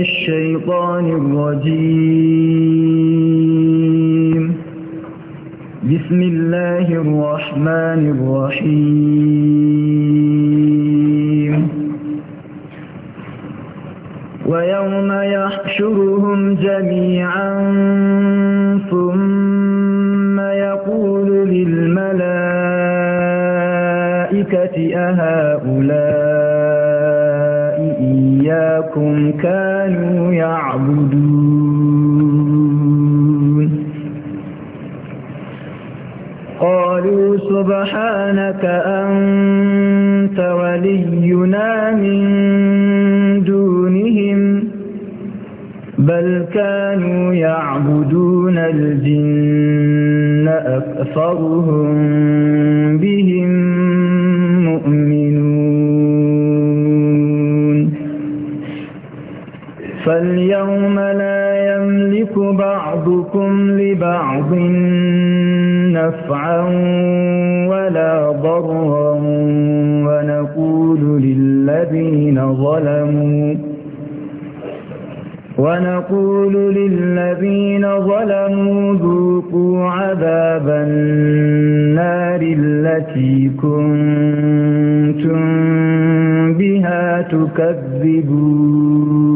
الشيطان الرجيم بسم الله الرحمن الرحيم ويوم يحشرهم جميعا ثم يقول للملائكة أهؤلاء إياكم كانوا كانوا يعبدون قالوا سبحانك أنت ولينا من دونهم بل كانوا يعبدون الجن أكثرهم فاليوم لا يملك بعضكم لبعض نفعا ولا ضرا ونقول للذين ظلموا ونقول للذين ظلموا ذوقوا عذاب النار التي كنتم بها تكذبون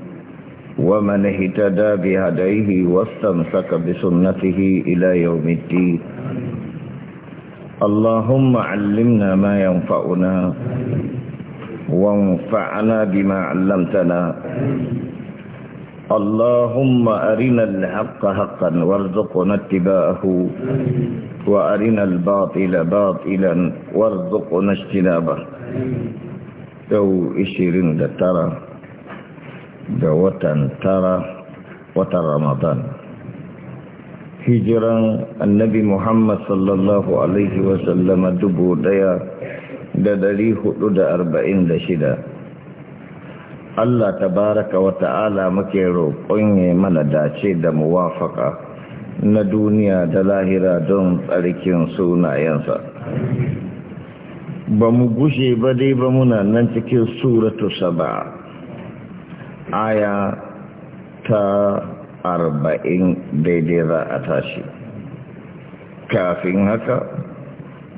ومن اهتدى بهديه واستمسك بسنته إلى يوم الدين اللهم علمنا ما ينفعنا وانفعنا بما علمتنا اللهم أرنا الحق حقا وارزقنا اتباعه وأرنا الباطل باطلا وارزقنا اجتنابه تو إشيرين لترى da watan tara watan ramadan hijiran annabi muhammad sallallahu alaihi wasallama dubu daya da dari hudu da arba'in da shida Allah tabaraka wa ta'ala muke roƙon ya mana dace da muwafaka na duniya da lahira don tsarkin sunayensa ba mu gushe ba dai ba muna nan cikin suratu saba'a aya ta arba'in daidai za a tashi kafin haka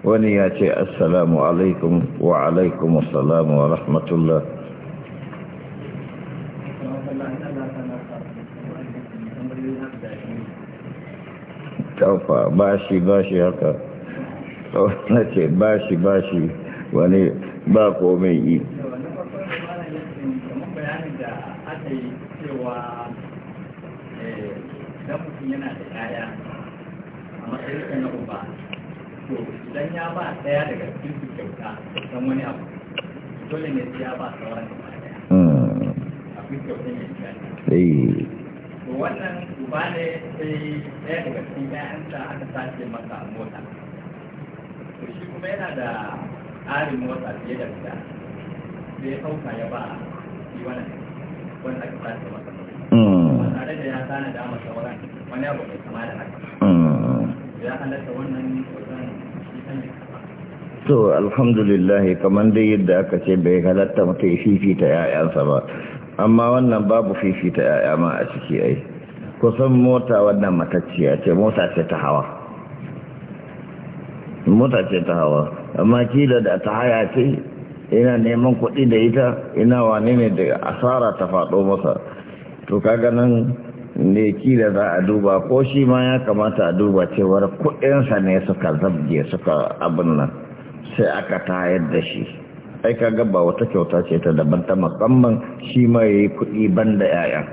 wani ya ce assalamu alaikum wa alaikum assalamu wa rahmatullah taufa bashi bashi haka na ce bashi bashi wani ba komai yi mutum yana da kaya a matsayin na uba to idan ya ba daya daga cikin su kyauta don wani abu dole ne sai ya ba sauran da a ɗaya hmm. akwai ne ya yi to wannan uba ne sai daya daga cikin ƴaƴansa aka sace masa mota to shi kuma yana da tsarin mota fiye da fita sai ya sauka ya ba shi wani wanda aka sace masa mota hmm. ba tare da ya tana da masa sauran wani abu mai kama da haka mm. ya halatta wannan to alhamdulillah kamar dai yadda aka ce bai halatta mutu ya fifita ‘ya'yansa ba amma wannan babu fifita ‘ya'ya ma a ciki ai kusan mota wannan matacciya ce mota ce ta hawa mota ce ta hawa amma kila da ta haya ce ina neman kuɗi da ita ina wane ne da asara ta faɗo masa to kaga nan ne da za a duba ko shi ma ya kamata a duba cewar kudinsa ne suka zabge suka abin nan sai aka tayar da shi ai ka gaba wata kyauta ce ta daban ta musamman shi ma ya yi kudi ban da 'ya'yan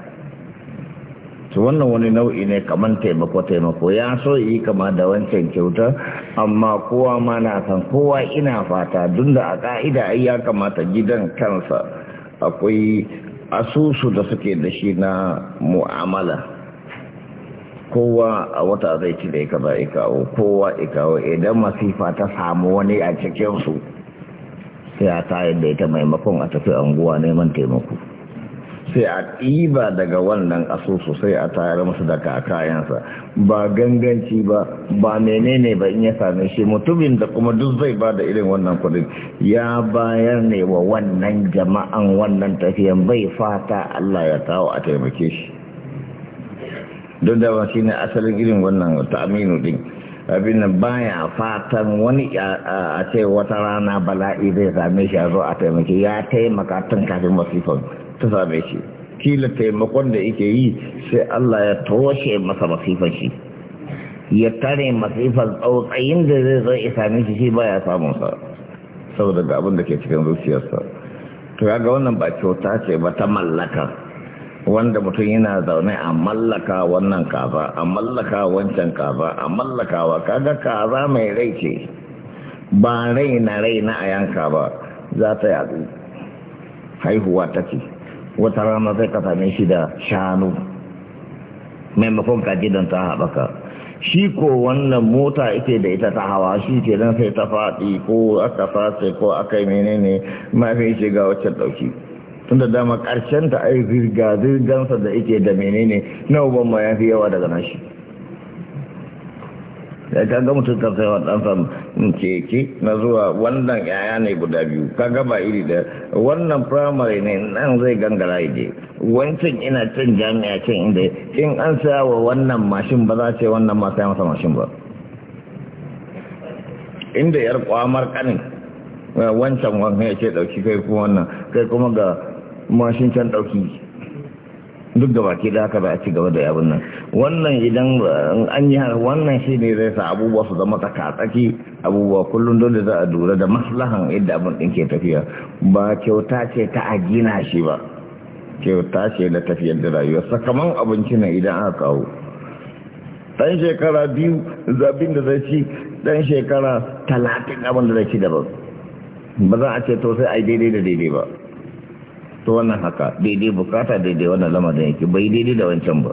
to wannan wani nau'i ne kamar taimako taimako ya so yi kama da wancan kyauta amma kowa ma na san kowa ina fata dun da a ka'ida ai ya kamata gidan kansa akwai asusu da suke da shi na mu'amala kowa a wata zai ci da ya kaza ya kawo kowa ya kawo idan masifa ta samu wani a cikinsu sai a tayar da ita maimakon a tafi anguwa neman taimako sai a ɗiba daga wannan asusu sai a tayar da daga kayansa ba ganganci ba ba menene ba in ya same shi mutumin da kuma duk zai ba da irin wannan kudin ya bayar ne wa wannan jama'an wannan tafiyan bai fata Allah ya kawo a taimake shi don da ba shi ne asalin irin wannan aminu din abin baya fatan wani a ce wata rana bala'i zai same shi a zo a taimake ya taimaka tun kafin masifan ta same shi kila taimakon da yake yi sai Allah ya toshe masa masifan shi ya tare masifan tsautsayin da zai zai isame shi shi baya samun sa saboda ga abin da ke cikin zuciyarsa to ya ga wannan ba kyauta ce ba ta mallaka wanda mutum yana zaune a mallaka wannan kaza a mallaka wancan kaza a mallakawa kaga kaza mai rai ce ba rai na rai na a yanka ba za ta yadu haihuwa take wata rana zai ka same shi da shanu maimakon kaji don ta haɓaka shi ko wannan mota ita da ita ta hawa shi ke don sai ta faɗi ko aka fasa ko aka yi menene mafi shi ga waccan ɗauki da dama ƙarshen ta ai zirga zirgansa da ike da menene na uban ma ya fi yawa daga nashi da ka ga mutum kan saiwa ɗansa keke na zuwa wannan yaya ne guda biyu ka gaba ba iri da wannan firamare ne nan zai gangara ide wancan ina cin jami'a cin inda in an saya wa wannan mashin ba za ce wannan ma saya masa mashin ba inda yar kwamar kanin wancan wankan ya ce ɗauki kai kuma wannan kai kuma ga mashin can ɗauki duk da baki da haka ba a ci gaba da yabin nan wannan idan an yi har wannan shi ne zai sa abubuwa su zama tsaka-tsaki abubuwa kullum dole za a lura da maslahan yadda abin ɗin ke tafiya ba kyauta ce ta a gina shi ba kyauta ce da tafiyar da rayuwa sakamon abinci na idan aka kawo ɗan shekara biyu zabin da zai ci ɗan shekara talatin abin da zai ci daban ba za a ce to sai a yi daidai da daidai ba to wannan haka daidai bukata daidai wannan lamarin yake bai daidai da wancan ba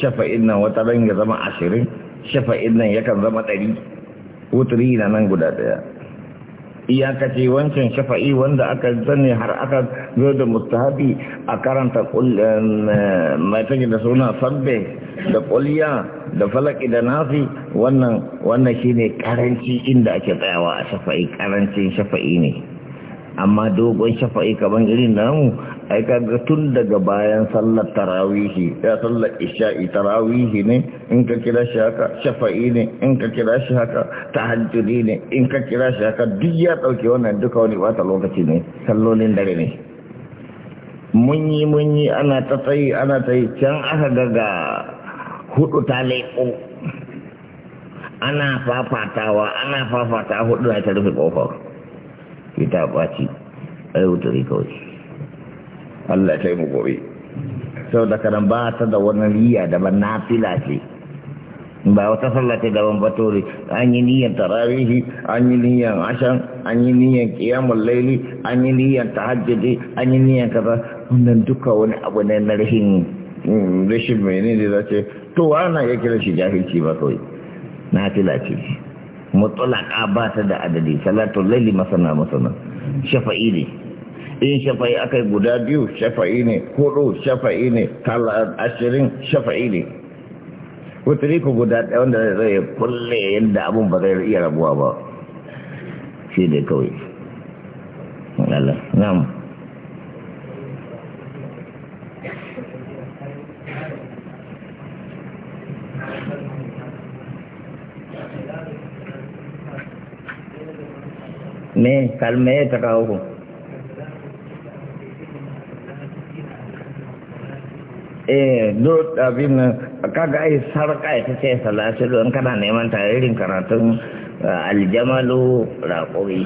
shafa'in nan wata ran ya zama ashirin shafa'in nan yakan zama ɗari wuturi na nan guda ɗaya iyakace wancan shafa'i wanda aka zane har aka zo da mustahabi a karanta eh, mai da suna sabbe da kulliya da falaki da nafi wannan shi shine karanci inda ake tsayawa a shafa'i karancin shafa'i ne amma dogon shafa'i kaban irin namu ai kaga tun daga bayan sallar tarawihi ya sallar isha'i tarawihi ne in ka kira shi haka shafa'i ne in ka kira shi haka tahajjudi ne in ka kira shi haka duk ya dauke wannan duka wani bata lokaci ne sallolin dare ne mun yi mun yi ana ta tsayi ana ta yi can aka daga hudu ta leƙo ana fafatawa ana fafata hudu na ta rufe ƙofar ita ɓaci a yau da kawai Allah ta yi mu gobe sau da kanan ba ta da wani riya daban na fila ce ba wata sallah ta daban ba tori an yi niyan tararihi an yi niyan ashan an yi niyan kiyamun laili an yi niyan tahajjudi an yi niyan kaza wannan duka wani abu ne na rashin mm, rashin ne da ce to ana ya kira shi jahilci ba kawai na fila ce mutlaka ba ta da adadi salatu laili masana masana shafa'i ne in shafa'i yi guda biyu shafa'i ne hudu shafa'i ne ashirin shafa'i ne wutari ku guda ɗaya wanda zai kulle yadda abin ba zai iya rabuwa ba shi dai kawai Allah na'am me kalme ta kawo ku eh duk abin kaga ai sarka ai ce salatu don kana neman tarihin karatun aljamalu raqawi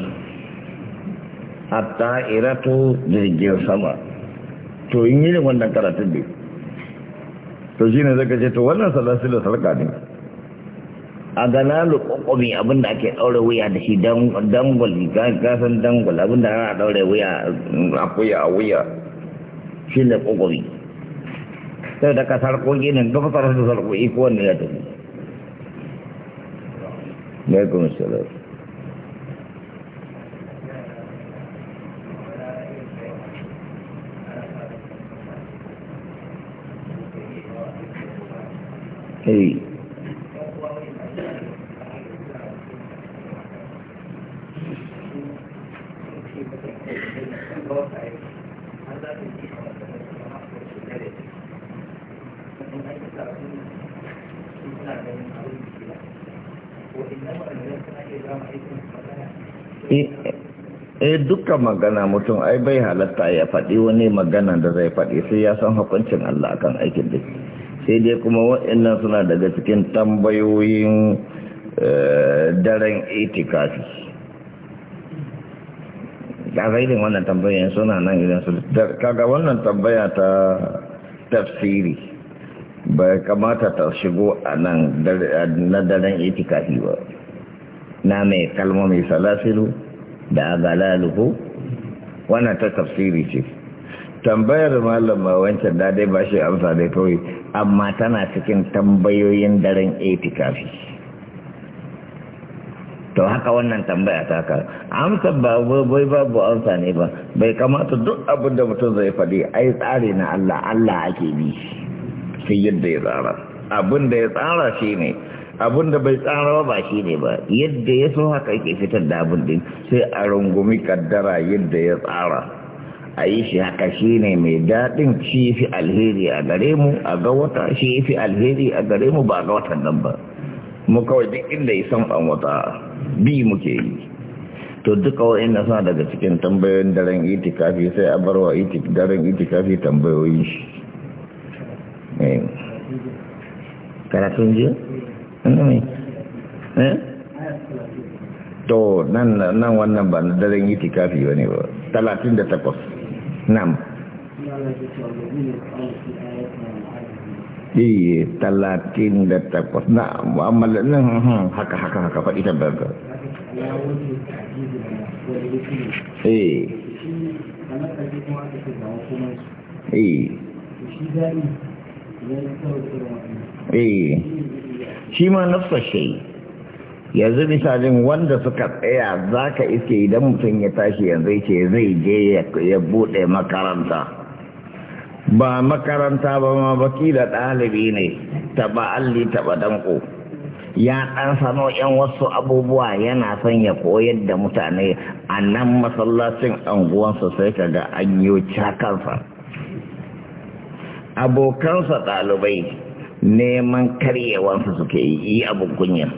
hatta iratu jirgin sama to yin yi wannan karatun ne to shi ne zaka ce to wannan salatu da sarka ne a gana lukukumin abin da ake daure wuya da shi dangwal gasan dangwal abinda da ana daure wuya a kuya a wuya shi ne kukumi sai da kasar kogi ne duka sarar da sarko iko wanda ya tafi ya kuma shirar Hey. eh, eh duka magana mutum ai bai halatta ya faɗi wani magana da zai faɗi sai ya san hukuncin Allah akan aikin da sai dai kuma waɗannan suna daga cikin tambayoyin eh, daren itikafi da zaidin wannan tambayan suna nan idan su kaga wannan tambaya ta tafsiri bai kamata ta shigo a nan na daren itikafi ba na mai kalmomi salasiru da agalaluhu wannan ta tafsiri ce tambayar malama wancan dadai ba shi amsa dai kawai amma tana cikin tambayoyin daren itikafi to haka wannan tambaya ta ka amsa ba bai babu amsa ne ba bai kamata duk abin da mutum zai faɗi ai tsari na Allah Allah ake bi sai yadda ya tsara abin da ya tsara shi ne abin da bai tsara ba shi ne ba yadda ya so haka yake fitar da abin din sai a rungumi kaddara yadda ya tsara a yi shi haka shi ne mai daɗin shi fi alheri a gare mu a ga wata shi fi alheri a gare mu ba ga watan nan ba mu kawai duk inda ya san an wata bi muke yi to duka wa'in na daga cikin tambayoyin daren itikafi sai a barwa daren itikafi tambayoyi eh. karatun eh? to nan wannan ba na daren itikafi ba talatin da takwas nan di talatin da takwas. Na, amal nan haka haka haka faɗi tabbar ka. Eh. Eh. Eh. Shi ma nafsa shai. Yanzu misalin wanda suka tsaya eh, za ka iske idan mutum ya tashi yanzu ce zai je ya buɗe makaranta. ba makaranta ba ma baki da ɗalibi ne taɓa alli taɓa danko ya ɗan sano yan wasu abubuwa yana son ya koyar da mutane a nan masallacin anguwansa sai ka ga an yi cakarsa abokansa ɗalibai neman karyewansa suke yi abin kunyar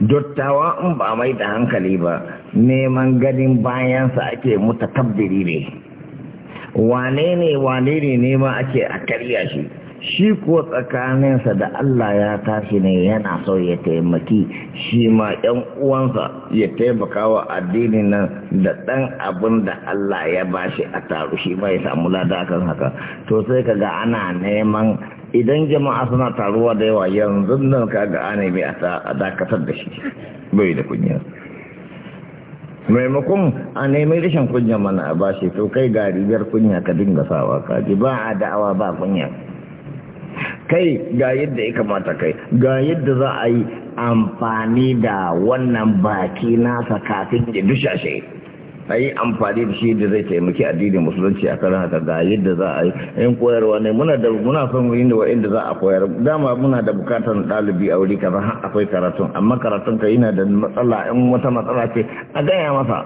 dottawa in ba mai da hankali ba neman ganin bayansa ake mutakabbiri ne wane ne wane ne nema ake a karya shi shi kuwa tsakaninsa da Allah ya tashi ne yana so ya taimaki shi ma ɗan uwansa ya taimaka wa addinin nan da ɗan abin da Allah ya bashi a taru shi ma ya samu lada haka to sai kaga ana neman idan jama'a suna taruwa da yawa yanzu nan kaga ana yi a dakatar da shi bai da kunya maimakon a nemi rashin kunya mana a bashi to kai ga rigar kunya ka dinga sawa ka ji ba a da'awa ba kunya kai ga yadda ya kamata kai ga yadda za a yi amfani da wannan baki nasa kafin ya dushashe a yi amfani da shi da zai taimaki addinin musulunci a karan haka ga yadda za a yi yin koyarwa ne muna da muna son yin da wa'inda za a koyar dama muna da bukatar ɗalibi a wuri kaza har akwai karatun amma karatun ka yana da matsala in wata matsala ce a gaya masa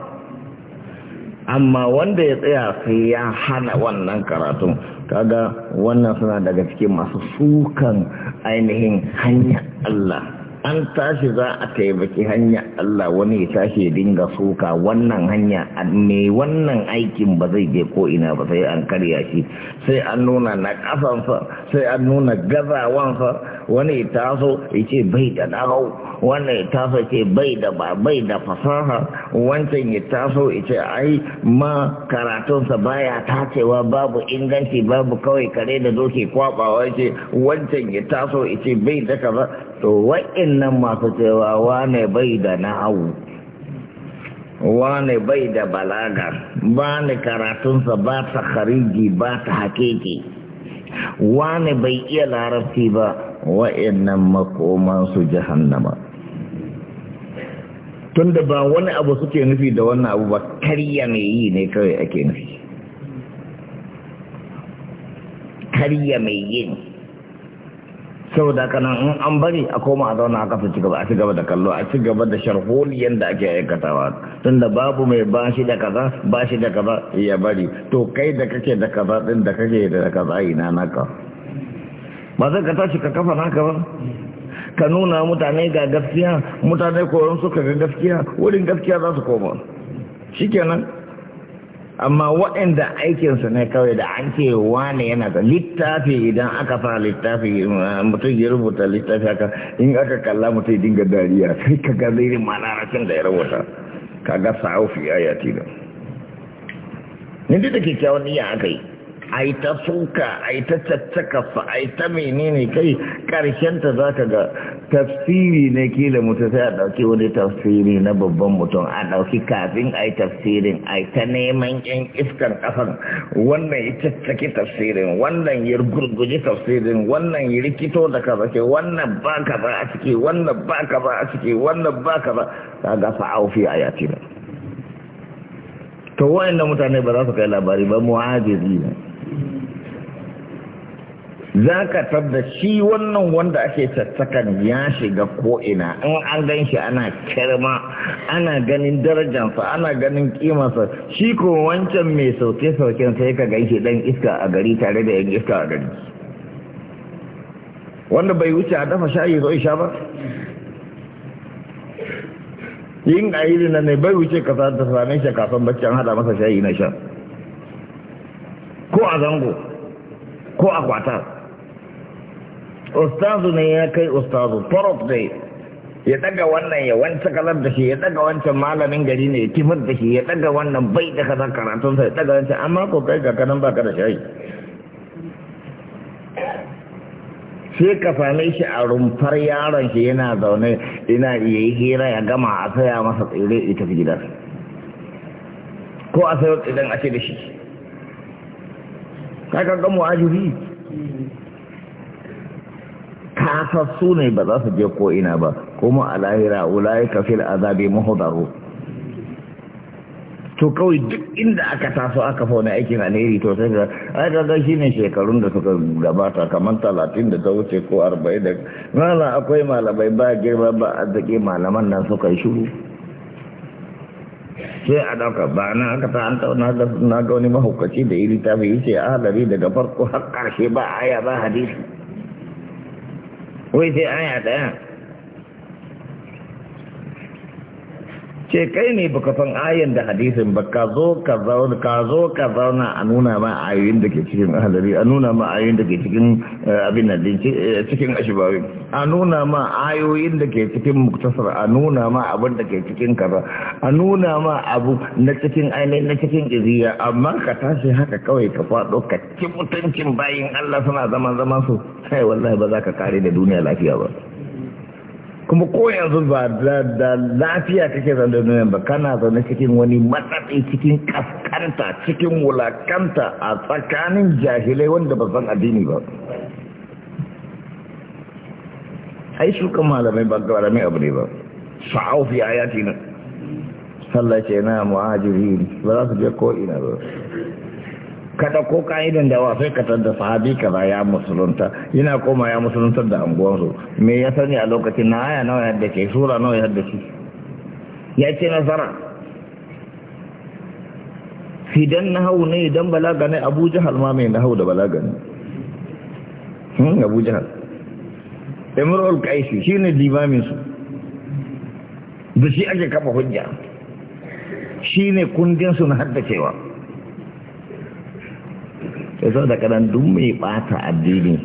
amma wanda ya tsaya sai ya hana wannan karatun kaga wannan suna daga cikin masu sukan ainihin hanyar Allah an tashi za a taimaki hanya Allah wani ya tashi ya dinga suka wannan hanya me wannan aikin ba zai je ko ina ba sai an karya shi sai an nuna na kafansa sai an nuna gazawansa wani ya taso ya ce bai da dawo wani ya taso ce bai da ba bai da fasaha wancan ya taso ya ce ai ma karatunsa baya tacewa babu inganci babu kawai kare da doke kwabawa ce wancan ya taso ya ce bai da kaza to wa'innan masu cewa wane bai da nahawu wane bai da balaga ba ne karatunsa ba ta hariji ba ta hakiki wane bai iya larabci ba wa'innan makomansu jahannama tunda ba wani abu suke nufi da wannan abu ba karya mai yi ne kawai ake nufi karya mai yin saboda haka nan in an bari a koma a zauna a kafa cigaba a cigaba da kallo a cigaba da sharholi yadda ake aikatawa tunda babu mai bashi da kaza bashi da kaza ya bari to kai da kake da kaza din da kake da kaza ina naka ba zai ka tashi ka kafa naka ba ka nuna mutane ga gaskiya mutane koyon suka ga gaskiya wurin gaskiya za su koma shikenan amma waɗanda aikinsu ne kawai da an ce ne yana da littafi idan aka fara littafi mutum ya rubuta littafi haka in aka kalla mutum dinga dariya sai ka ga zirin malaracin da ya rubuta ka ga sa'ofi ya yati da ni duk da kyakkyawan niyya aka yi a yi ta suka a yi ta caccakasa a yi ta menene kai ta za ka ga tafsiri ne kila mutu sai a ɗauki wani tafsiri na babban mutum a ɗauki kafin a yi tafsirin a yi ta neman yan iskar ƙasan wannan ya caccaki tafsirin wannan ya gurguji tafsirin wannan ya rikito da ka zake wannan ba ka ba a ciki wannan ba ka ba a ciki wannan ba ka ba. Ka ga fa'aufi a yaci ne to na mutane ba za su kai labari ba mu'ajiri ne za ka tabda shi wannan wanda ake tattakan ya shiga ko'ina in an gan shi ana kirma ana ganin darajansa ana ganin kimarsa shi ko wancan mai sauke-sauken sai ka gan shi dan iska a gari tare da yan iska a gari wanda bai wuce a dafa shayi zo isha ba yin a ne bai wuce ka sa ta same shi kafin baccin hada masa shayi na sha ko a zango ko a kwatar ustazu ne ya kai ustazu torop dai ya daga wannan ya wancan kalar da shi ya daga wancan malamin gari ne ya kifar da shi ya daga wannan bai da kasar karatunsa ya daga wancan amma ko kai ga kanan baka da shayi sai ka same shi a rumfar yaron shi yana zaune ina iya yi hira ya gama a saya masa tsere ita fi gidan ko a sayo idan ake da shi ta kaga mu'ajibi kasassu ne ba za su je ko ina ba kuma a lahira ulai a azabi muhdaru to kawai duk inda aka taso aka fauna aikin alheri to sai ga ga shi ne shekarun da suka gabata kamar talatin da ta wuce ko arba'in da akwai malamai ba girma ba arziki malaman nan suka yi shiru sai a dauka ba na aka ta an tauna na ga wani mahaukaci da iri ta bai ce daga farko har karshe ba aya ba hadisi wai sai aya daya ce kai ne baka san ayan da hadisin ba ka zo ka zauna ka zo ka zauna a nuna ma ayoyin da ke cikin halari a nuna ma ayoyin da ke cikin eh, abin da eh, cikin ashibawi a nuna ma ayoyin da ke cikin muktasar a nuna ma abin da ke cikin kaza a nuna ma abu na cikin ainihi na cikin iziya amma ka tashi haka kawai ka faɗo ka ci mutuncin bayin Allah suna zaman zaman su kai wallahi ba za ka kare da duniya lafiya ba kuma ko yanzu ba da lafiya kake zaune nuna ba kana zaune cikin wani matsatsi cikin kaskanta cikin wulakanta a tsakanin jahilai wanda ba san addini ba ai shuka malamai ba mai abu ne ba sa'au fi ayati na sallah ce na muhajirin ba za su je ko'ina ba ka ko ka'idan da wasai ka da sahabi za ya musulunta yana koma ya musuluntar da anguwansu me ya sani a lokacin na haya nawa yadda ke sura nawa yadda ke ya ce nasara fidan na hau ne idan balaga ne abu jihar ma mai na hau da balaga ne hmm, abu jihar emirul kaisi shi ne limaminsu da shi ake kafa hujja shi ne kundinsu na haddacewa ya sau da kaɗan duk mai bata addini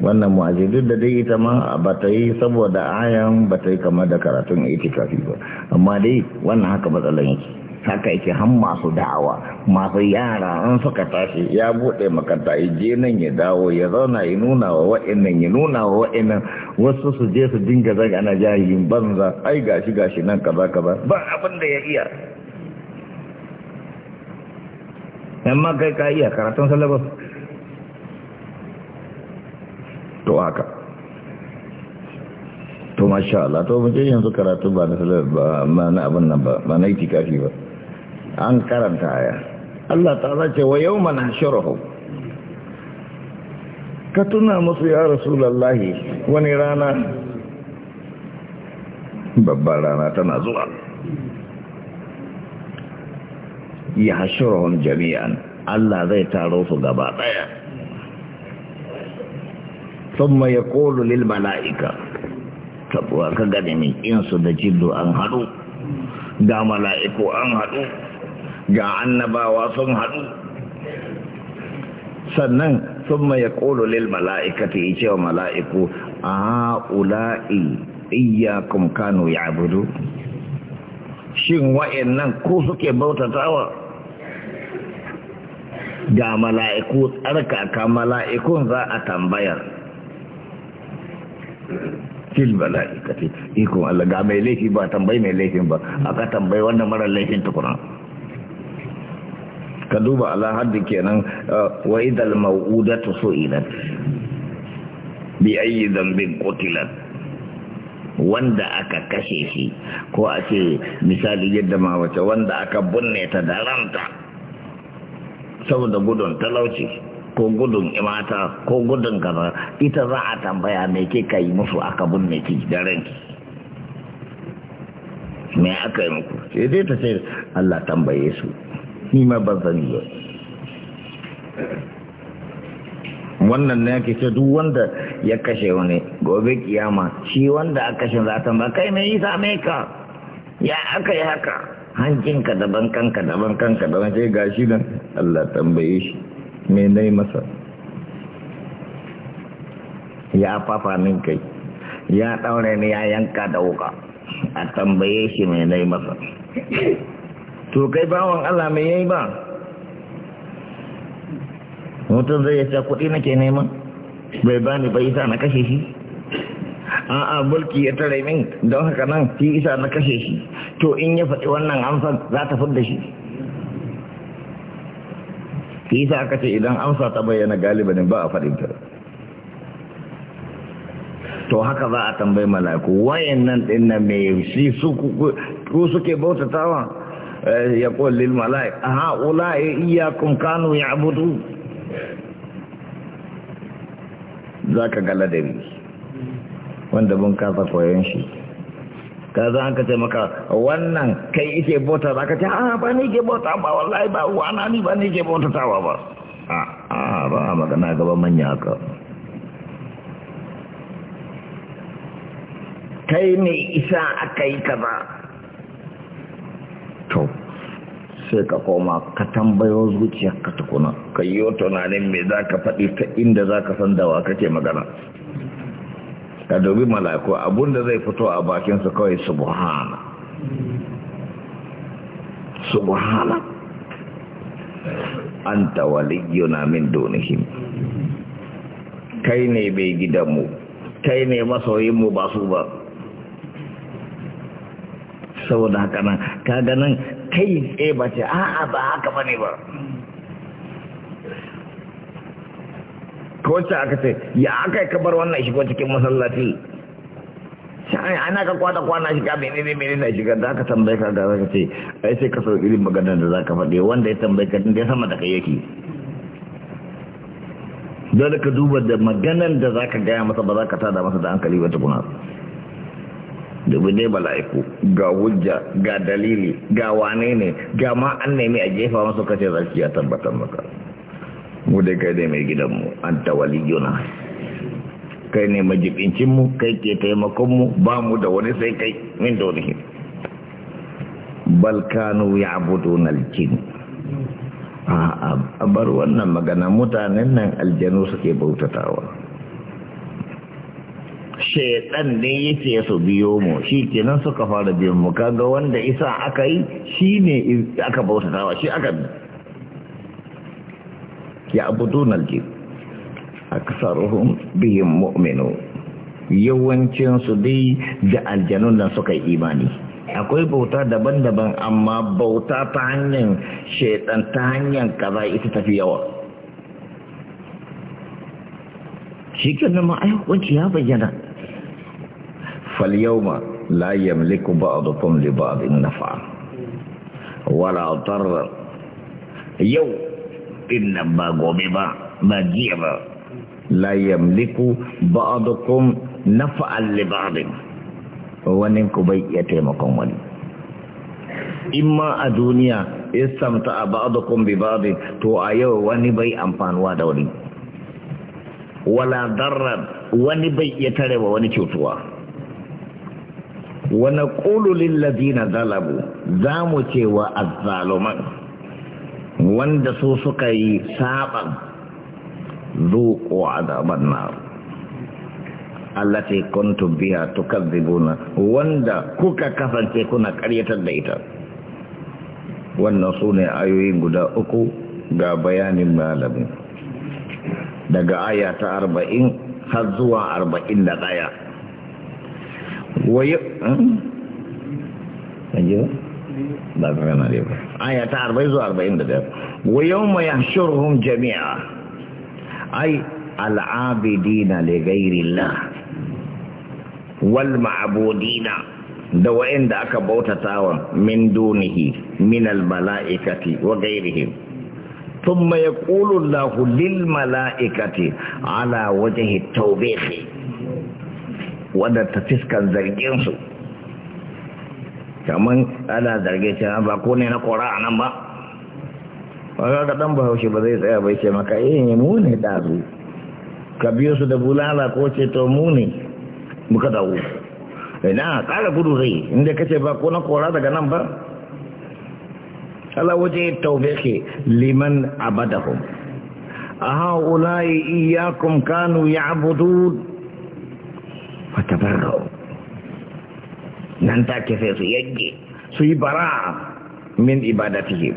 wannan mu'azi da dai ita ma ba ta yi saboda ayan ba ta yi kamar da karatun itikafi ba amma dai wannan haka matsalan yake haka yake han masu da'awa masu yara an suka tashi ya bude makanta ya je nan ya dawo ya zauna ya nuna wa wa'annan ya nuna wa wa'annan wasu su je su dinga zaga ana jahiyin banza ai gashi gashi nan kaza kaza ba abin da ya iya in ma kai ka iya karatun salabar to haka to masha Allah to mace yanzu karatun ba na salabar ba na abin nan ba ba na kafi ba an karanta aya Allah ta zace wa yau mana shirahu ka tuna musu ya rasulallahi wani rana babbar rana tana zuwa ya hashirahun jami'an Allah zai taro su gaba ma ya ƙolu lil mala'ika tabuwa ka gani mai insu da jiddu an haɗu, ga mala'iku an haɗu, ga annabawa sun haɗu. sannan sun ya ƙolu lil ta yi cewa mala'iku a ula'i kumkano ya abudu shin nan ko suke bautatawa ga mala'iku tsarkaka mala'ikun za a tambayar fil mala'ikati ikon Allah ga mai laifi ba tambayi mai laifin ba aka tambayi wannan mara laifin tukuna ka duba Allah haddi kenan uh, wa idal maw'udatu su'ilat bi ayi dhanbin qutilat wanda aka kashe shi ko a ce misali yadda ma wace wanda aka bunne ta da ranta saboda gudun talauci ko gudun imata ko gudun gaba, ita za a tambaya me ke yi musu aka binne ki da ranki me aka yi muku sai dai ta sai Allah tambaye su ni ma ban sani yi. wannan ne yake ce duk wanda ya kashe wani gobe kiyama shi wanda aka kashe za ta ba kai me yi same ka ya aka yi haka hankinka daban kanka daban kanka daban sai gashi nan Allah tambaye shi me nai masa ya fafa min kai ya daure ni ya yanka da wuka a tambaye shi me nai masa to kai bawan Allah me yayi ba mutum zai ce kuɗi nake nema bai bani bai isa na kashe shi a'a mulki ya tare min don haka nan shi isa na kashe shi to in ya faɗi wannan amsar za ta fudda shi shi sa aka ce idan amsa ta bayyana galibanin ba a ta to haka za a tambayi mala'iku nan din nan me shi su ku suke bautatawa eh, ya ko lil mala'ik ha ulai iyyakum kanu ya'budu zaka ga ladabi wanda mun kafa koyon shi ka za an ka ce maka wannan kai ike bota za ka ce a ah, ba ni ke bota ba wallahi ba wana ni ba ni ke bota tawa ba a ah, ah, ba magana gaba manya ka kai ne isa aka yi ka ba to sai ka koma ka tambayo ka tukuna ka yi ne me za ka faɗi ta inda za ka san dawa kake magana ka dobi malako abinda zai fito a bakinsu kawai subhana subhana anta waliyuna min dunihim kai ne bai gidanmu kai ne masoyinmu ba su ba saboda haka nan ka ganin kai tsaye ba ce a'a ba haka ba ne ba wacce aka ce ya aka yi kabar wannan shigo cikin masallaci sai ana ka kwata kwana shiga mene ne mene na shiga da aka tambaye ka da zaka ce ai sai ka sau irin magana da zaka faɗe wanda ya tambaye ka da ya sama da kai yake dole ka duba da maganar da zaka gaya masa ba zaka tada masa da hankali ba tukuna domin ne bala'iku ga wujja ga dalili ga wane ne ga ma an nemi a jefa masu kace zarki ya tabbatar maka mu da kai dai mai gidanmu an juna. kai ne mu kai ke taimakonmu ba mu da wani sai kai min da wani balkanu ya abudu naljin a bar wannan magana mutanen nan aljanu suke bautatawa shaidan ne yake su biyo mu shi kenan suka fara biyan mu kaga wanda isa aka yi shi ne aka bautatawa shi aka biyu يعبدون الجن أكثرهم بهم muminu, yawancin su dai da aljanun nan suka yi imani akwai bauta daban-daban amma bauta ta hanyar shaidan ta hanyar kaza ita tafi yawa shi ke nama ya bayyana falyauma la yamliku ba'dukum li ba'din nafa wala darra yau din nan ba gobe ba ba jiya ba la yamliku ba'dukum nafa'an li ba'din wani ku bai iya taimakon wani imma a duniya istamta a ba'dukum bi to a yau wani bai amfanuwa da wani wala darar wani bai iya tare wa wani cutuwa wani ƙulu lillazina zalabu za mu cewa azzaluman wanda su suka yi saban zuƙo na nar kuntu biya tukar tukadzibuna wanda kuka kasance kuna karyatar da ita wannan su ne ayoyin guda uku ga bayanin malamin daga aya ta arba'in har zuwa arba'in da ɗaya wayo? Hmm? آية عربية زو عربين دب ويوم يحشرهم جميعا أي العابدين لغير الله والمعبودين دو عند أكبوت تاوى من دونه من الملائكة وغيرهم ثم يقول الله للملائكة على وجه التوبيخ وده تتسكن الزرقين سوء kamar ana zarge ce ba ko ne na kora a nan ba wanda ka dan bahaushe ba zai tsaya bai ce maka eh yi mu ne ɗazu ka biyo su da bulala ko ce to mu ne muka dawo ina eh, ƙara gudu zai inda ka ce ba ko na kora daga nan ba ala waje taubeke liman abadahum a haulayi iyakun kanu ya abudu abudud fatabarra'u nan take sai su yage su yi bara min ibadatihim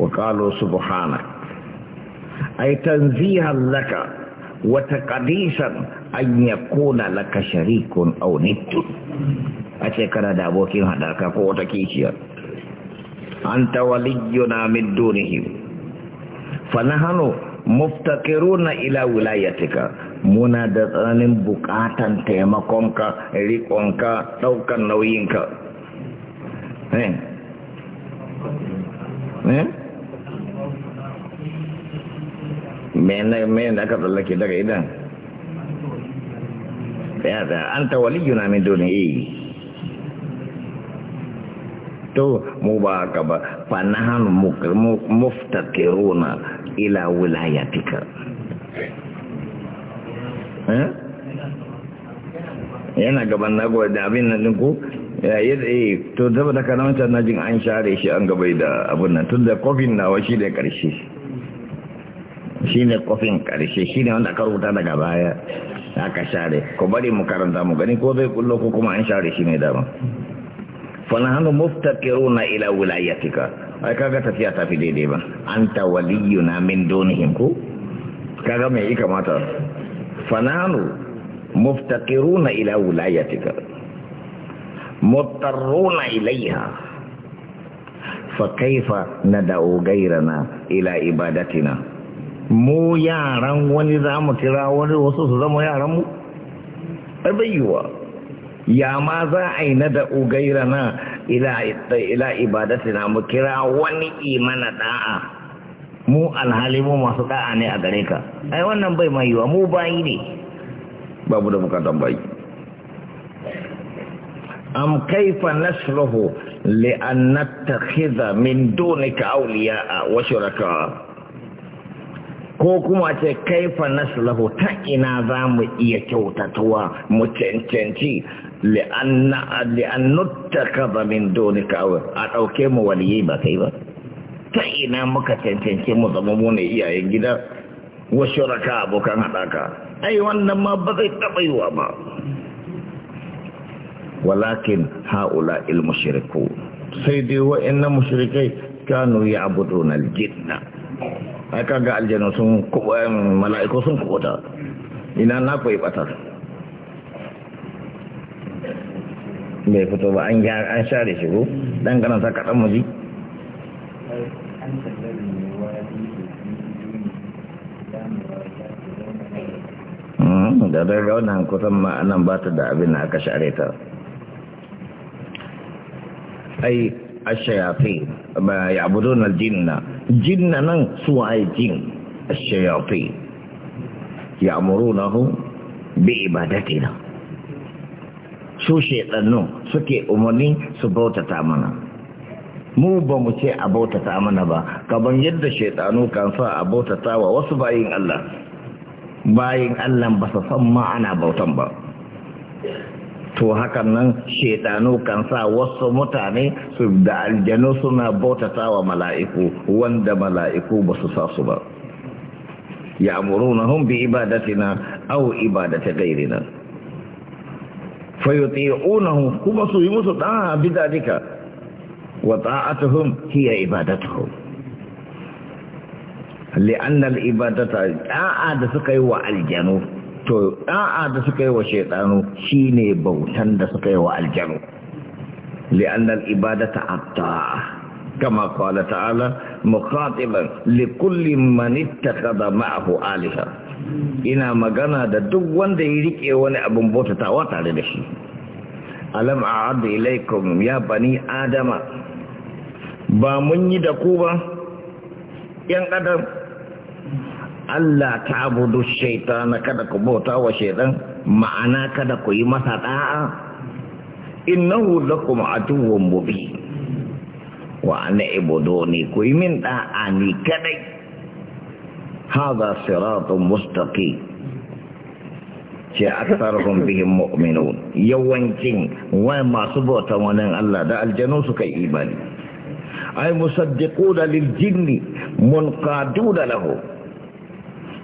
wa qalu subhana ay tanzihan laka wa taqdisan an yakuna laka sharikun aw a ce kana da abokin hadaka ko wata kishiyar anta waliyuna min dunihim fa nahnu muftaqiruna ila wilayatika muna da tsananin bukatan taimakonka rikonka daukan nauyinka eh eh mene mene aka tsallake daga idan ya da an tawaliyuna min duniyi to mu ba haka ba fa nahanu muftakiruna ila wilayatika Eh? yana gaban nagowa da abin nan yi to zaba da karamta na jin an share shi an gabai da abin nan tun da kofin nawa shi da ƙarshe shi ne kofin ƙarshe shi ne wanda aka rubuta daga baya aka share ko bari mu karanta mu gani ko zai kullo ko kuma an share shi ne dama Fana hannu kero na ila wulayatika ai kaga tafiya ta fi daidai ba An waliyu na min donihin ko kaga me ya kamata fananu muftaqiruna ila wilayatika muttarruna ilaiha fa kaifa nada'u gairana ila ibadatina mu yaran wani za mu kira wani wasu su zama yaran mu abayyuwa ya ma za a yi nada'u gairana ila ibadatina mu kira wani imana da'a mu alhali mu masu da'a ne a gare ka ai wannan bai mai yiwa mu bayi ne babu da bukatan bayi am kaifa nasruhu li an nattakhidha min dunika awliya wa shuraka ko kuma ce kaifa nasruhu ta ina za mu iya kyautatuwa mu cancanci li an nattakhadha min dunika a dauke mu waliyi ba kai ba ta ina muka cancanci mu zama mu ne iyayen gida wa shuraka abokan haɗaka ai wannan ma ba zai taɓa yiwa ba walakin haula il mushriku sai dai wa'annan mushrikai kanu ya'buduna al-jinna aka ga aljanu sun kuɓa mala'iku sun kuɓuta ina na koyi batar mai fito ba an share shigo dan ganin sa kaɗan muji da ga wannan kusan ma'anan ba ta da abin da aka share ta ai a ba ya abudu na jinna jinna nan su ai jin a ya bi ibadatina na su shaɗannu suke umarni su bautata mana mu ba mu ce a bautata mana ba kaban yadda shaytanu kan sa a bautata wa wasu bayin Allah bayin Allah ba su san ma ana bautan ba to hakan nan shaidanu kan sa wasu mutane su da aljanu suna bautata wa mala'iku wanda mala'iku ba su sa su ba ya na hun bi ibadatina au ibadata gairina fayuti'unahu kuma su yi musu da'a bidalika wa ta'atuhum hiya ibadatuhun. Li'anar ibadata da'a da suka yi wa aljanu to ɗa'a da suka yi wa shi shine bautan da suka yi wa aljanu Li'anar ibadata at-ta'a kama qala ta'ala muqatiban likulli man ittakhadha ma'ahu alaha ina magana da duk wanda ya rike wani abin bautatawa tare da shi alam a'ad ilaikum ya bani adama ba mun yi da ku ba yan adam Allah ta abudu shaitana kada ku bauta wa shaitan ma'ana kada ku yi masa ɗa'a innahu lakum aduwwun mubin wa ana ne ku yi min ɗa'a ni kadai hadha siratun mustaqim ce aksarhum bihim mu'minun yawancin wai masu bautan wani Allah da aljanu suka yi imani ai musaddiquna lil jinni munqaduna lahu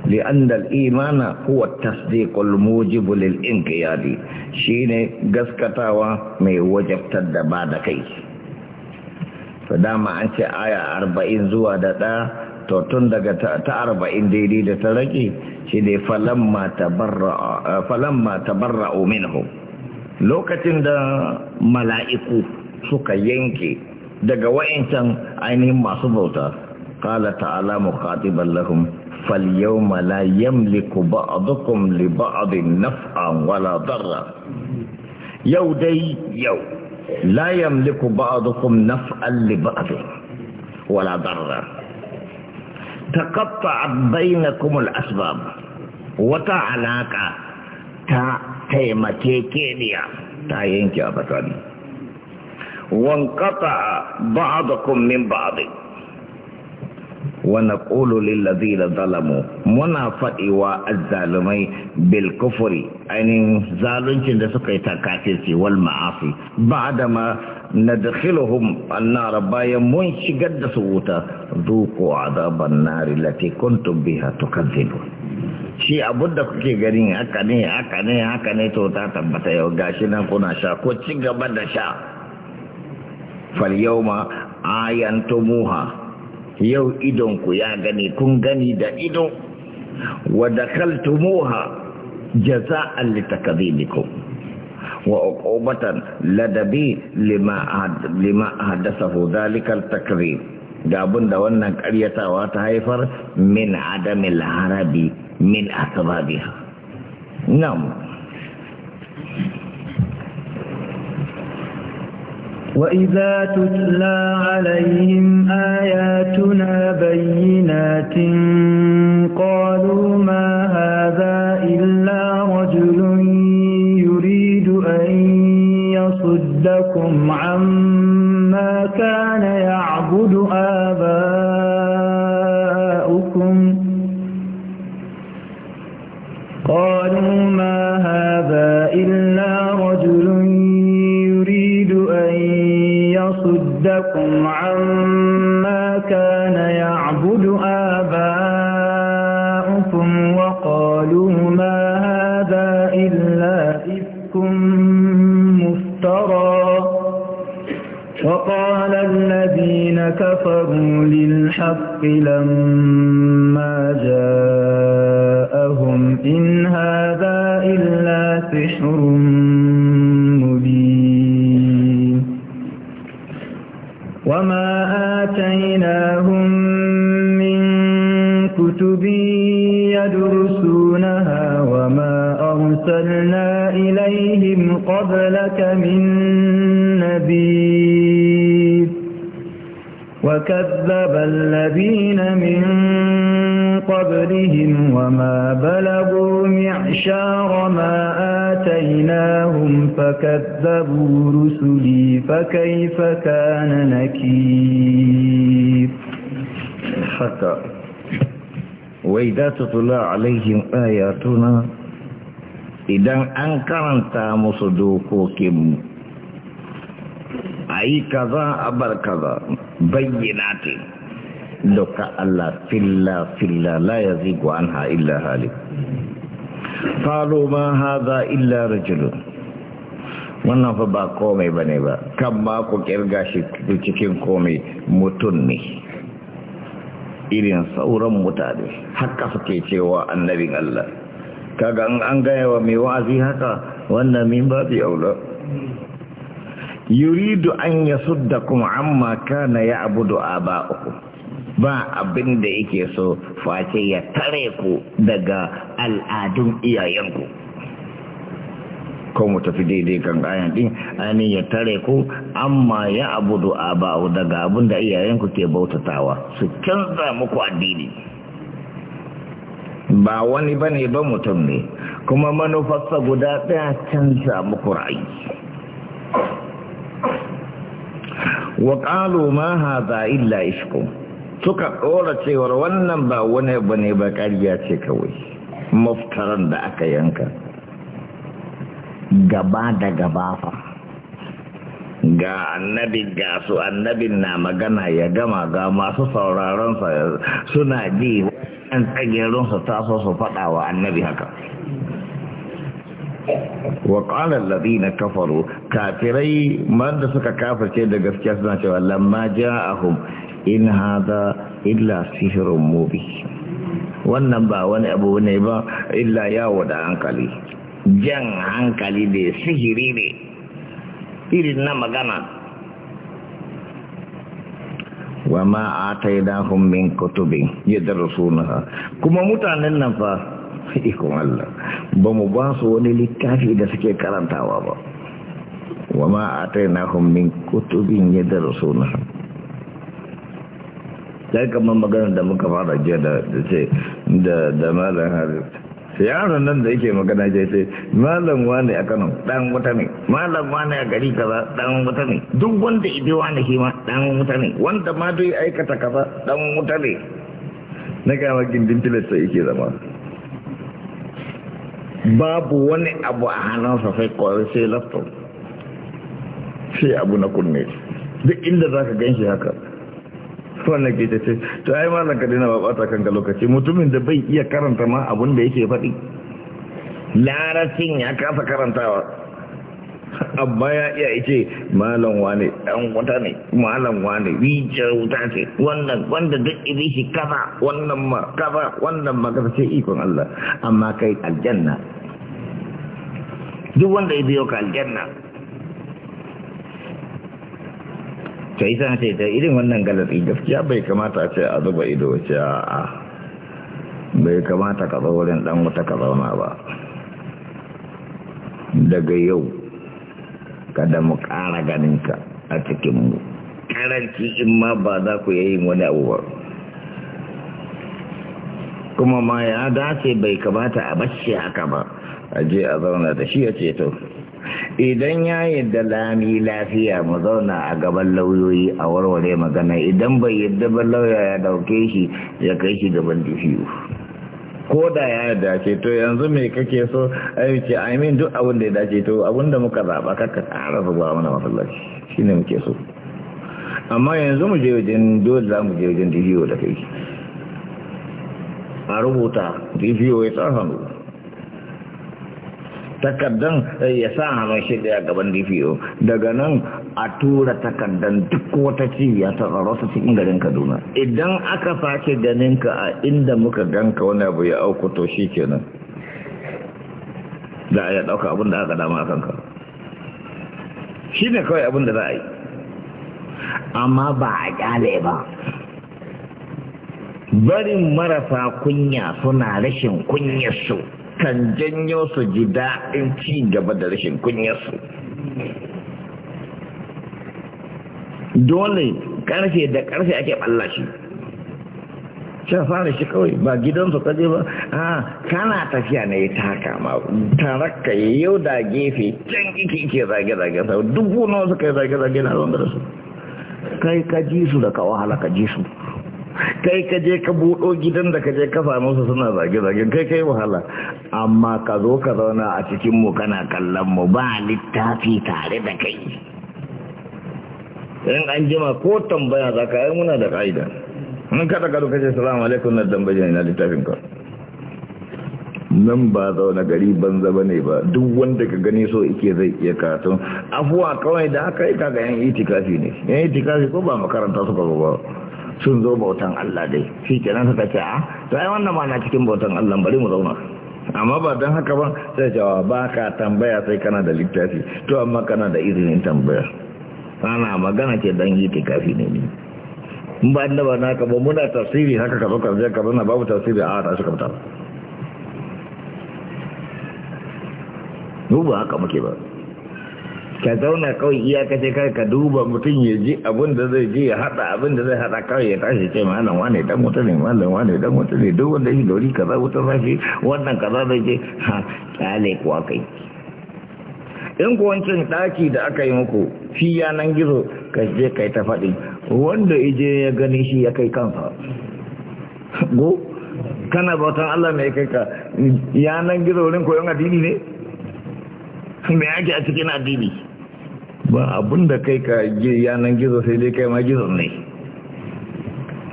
li'andal imana huwa tasdiqul mujibu lil inqiyadi shine gaskatawa mai wajabtar da ba da kai fa dama an ce aya 40 zuwa da da to tun daga ta 40 daidai da ta rage shi ne falamma tabarra falamma lokacin da mala'iku suka yanke daga wa'incan ainihin masu bauta قال تعالى مخاطبا لهم فاليوم لا يملك بعضكم لبعض نفعا ولا ضرا يو دي يو لا يملك بعضكم نفعا لبعض ولا ضرا تقطعت بينكم الأسباب وتعلاك تا تيمكيكينيا تا ينكي وانقطع بعضكم من بعض wa naqulu lil da zalamu muna faɗiwa azzalumai bil kufri ainin zaluncin da suka yi ta kafirci wal ma'asi ba'da ma nadkhiluhum annar bayan mun shigar da su wuta zuqu zaban nar lati kuntum biha tukadzibun shi abunda da kuke gani haka ne haka ne haka ne to ta tabbata yau gashi nan kuna sha ko ci gaba da sha fal ayan tumuha yau idonku ya gani kun gani da ido wa dakaltumuha jaza'an litakadhibikum wa uqubatan ladabi lima lima hadathahu dhalika takdhib da wannan karyatawa ta haifar min adamil harabi min asbabiha na'am وإذا تتلى عليهم آياتنا بينات قالوا ما هذا إلا رجل يريد أن يصدكم عما كان يعبد آباؤكم قالوا ما هذا إلا يصدكم عما كان يعبد آباؤكم وقالوا ما هذا إلا إفك مفترى وقال الذين كفروا للحق لما جاءهم إن هذا إلا سحر وما آتيناهم من كتب يدرسونها وما أرسلنا إليهم قبلك من نبي وكذب الذين من قبلهم وما بلغوا معشار ما آتيناهم فكذبوا رسلي فكيف كان نكير حتى وإذا تطلع عليهم آياتنا idan an karanta musu dokokinmu a yi kaza a bar kaza bayyana ta doka Allah filla filla la ya zigo an illa hali falo ma haza illa rajulun wannan fa ba komai ba ne ba kan ba ku kirga shi cikin komai mutum ne irin sauran mutane haka suke cewa annabin Allah kaga an gaya wa mai wa'azi haka wannan min bi aula yuridu an yasuddakum amma kana ya'budu aba'ukum ba abin da yake so face ya tare ku daga al'adun iyayenku ko mu tafi daidai kan ayan din ani ya tare ku amma ya abudu aba'u daga abin da iyayenku ke bautatawa su canza muku addini ba wani bane ba mutum ne kuma manufarsa guda ɗaya canza muku ra'ayi wa qalu ma haza illa ishku suka ɗora cewar wannan ba wani bane ba kariya ce kawai maftaran da aka yanka gaba da gaba fa ga annabi ga su annabin na magana ya gama ga masu sauraronsa suna ji an ta so su faɗa wa annabi haka wa na kafaru kafirai da suka kafirce da gaskiya suna cewa lamma ja'ahum in hada illa sihrun mubi wannan ba wani abu ne ba illa yawo da hankali jan hankali da sihiri ne irin na magana wa ma atainahum min kutubin na. kuma mutanen nan fa ikon Allah ba mu ba su wani littafi da suke karantawa ba wa ma atainahum min kutubin yadrusunaha yi kamar magana da muka fara jiya da ce da da malam yaron nan da yake magana ce ce malam wane a kano dan wuta ne malam wane a gari kaza dan wuta ne duk wanda ibi wane shi ma dan wuta ne wanda ma duk aikata kaza dan wuta ne na gama gindin tilasta yake zama babu wani abu a hannunsa sai kwayo sai laptop sai abu na kunne duk inda za ka gan shi haka wannan ke ce to ai malam ka dina ba kan ga lokaci mutumin da bai iya karanta ma abun da yake faɗi larabcin ya kasa karantawa amma ya iya ice malam wane dan wuta ne malam wane rijiyar wuta ce wannan wanda duk iri shi kafa wannan ma kafa wannan ma kaza ce ikon Allah amma kai aljanna duk wanda ya biyo ka aljanna to isa ce ta irin wannan galatsi gaskiya bai kamata ce a zuba ido ce a bai kamata ka wurin dan wuta ka zauna ba daga yau kada mu ƙara ganinka a cikinmu karanci in ma ba za ku yi wani abubuwa kuma ma ya dace bai kamata a bashi haka ba a je a zauna da shi ya ceto idan ya yadda lami lafiya mu zauna a gaban lauyoyi a warware magana idan bai yadda ban lauya ya dauke shi ya kai shi gaban dufiyu ko da ya yadda ce to yanzu mai kake so aiki i mean duk abin da ya dace to abin da muka zaba kaka tsara zuwa mana masallaci shine muke so amma yanzu mu je wajen dole za mu je wajen difiyu da kai a rubuta dufiyu ya tsara hannu takardan eh, ya sa hannun shi a gaban DPO daga nan a tura takardan duk wata cibiya ta tsaro su cikin garin Kaduna idan aka sake ganin ka a inda muka ganka wani abu ya auku to shi kenan za a iya ɗauka abin da aka dama a kanka shi ne kawai abin da za a yi amma ba a ƙyale ba barin marasa kunya suna rashin kunyarsu kan janyo su ji daɗin ci gaba da rashin kunyarsu dole karfe da ƙarfe ake ɓalla shi fara shi kawai ba gidansu kaje ba a kana tafiya na yi ta kama tarakka yau da gefe can iki ke zage-zage sau dubu nawa suka yi zage-zage na ruwan da su kai ka ji su da ka wahala ka ji su kai ka je ka buɗo gidan da ka je ka samu su suna zage-zage kai kai wahala amma ka zo ka zauna a cikin mu kana kallon mu ba littafi tare da kai in an jima ko tambaya za ka yi muna da ka'ida in ka daga ce salamu alaikum na tambaye na littafin ka nan ba zaune gari banza ba ne ba duk wanda ka gani so ike zai iya karatun afuwa kawai da aka yi kaga yan itikafi ne yan itikafi ko ba makaranta suka ba sun zo bautan Allah dai shi kenan suka ce a ah, to ai wannan ma na cikin bautan Allah bari mu zauna amma ba dan haka ba sai cewa ah, ba ka tambaya sai kana da littafi to amma kana da izinin tambaya ana magana ce dan yi kafi ne ni in ba inda ba na ka ba muna tafsiri haka ka zo ka zai ka na babu tafsiri a ta suka fita ba haka muke ba ka zauna kawai iyakace kai ka duba mutum ya ji abin da zai ji ya hada abin da zai hada kawai ya tashi ce malam wane dan mutane ne malam wane dan mutane ne duk wanda shi dori kaza wuta zafi wannan kaza zai je ha kyale kuwa kai in ku wancan daki da aka yi muku fi yanan gizo ka je kai ta faɗi wanda ije ya gani shi ya kai kansa go kana bautan Allah mai kai ka yanan gizo wurin koyon addini ne me yake a cikin addini ba abun da kai ka je yanan gizo sai dai kai ma gizon ne